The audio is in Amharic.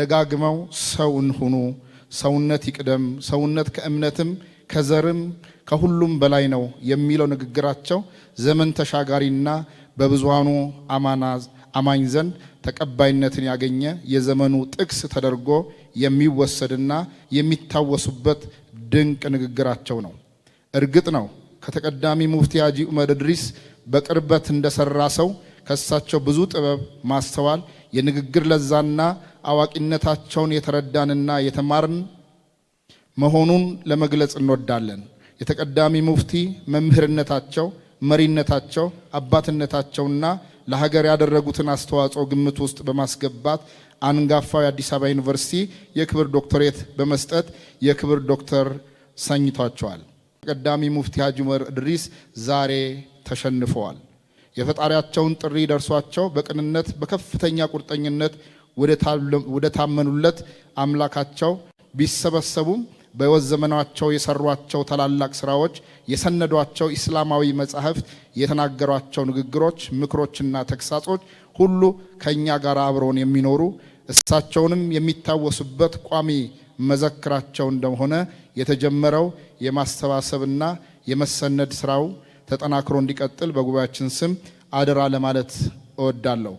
ደጋግመው ሰውን ሁኑ፣ ሰውነት ይቅደም፣ ሰውነት ከእምነትም ከዘርም ከሁሉም በላይ ነው የሚለው ንግግራቸው ዘመን ተሻጋሪና በብዙሃኑ አማኝ ዘንድ ተቀባይነትን ያገኘ የዘመኑ ጥቅስ ተደርጎ የሚወሰድና የሚታወሱበት ድንቅ ንግግራቸው ነው። እርግጥ ነው ከተቀዳሚ ሙፍቲ ሐጂ ዑመር ኢድሪስ በቅርበት እንደሰራ ሰው ከእሳቸው ብዙ ጥበብ ማስተዋል የንግግር ለዛና አዋቂነታቸውን የተረዳንና የተማርን መሆኑን ለመግለጽ እንወዳለን። የተቀዳሚ ሙፍቲ መምህርነታቸው፣ መሪነታቸው፣ አባትነታቸውና ለሀገር ያደረጉትን አስተዋጽኦ ግምት ውስጥ በማስገባት አንጋፋው የአዲስ አበባ ዩኒቨርሲቲ የክብር ዶክተሬት በመስጠት የክብር ዶክተር ሰኝቷቸዋል። ተቀዳሚ ሙፍቲ ሀጂ ዑመር ኢድሪስ ዛሬ ተሸንፈዋል። የፈጣሪያቸውን ጥሪ ደርሷቸው በቅንነት በከፍተኛ ቁርጠኝነት ወደ ታመኑለት አምላካቸው ቢሰበሰቡም በሕይወት ዘመናቸው የሰሯቸው ታላላቅ ስራዎች፣ የሰነዷቸው ኢስላማዊ መጻሕፍት፣ የተናገሯቸው ንግግሮች፣ ምክሮችና ተግሳጾች ሁሉ ከእኛ ጋር አብረውን የሚኖሩ እሳቸውንም የሚታወሱበት ቋሚ መዘክራቸው እንደሆነ የተጀመረው የማሰባሰብና የመሰነድ ስራው ተጠናክሮ እንዲቀጥል በጉባኤያችን ስም አደራ ለማለት እወዳለሁ።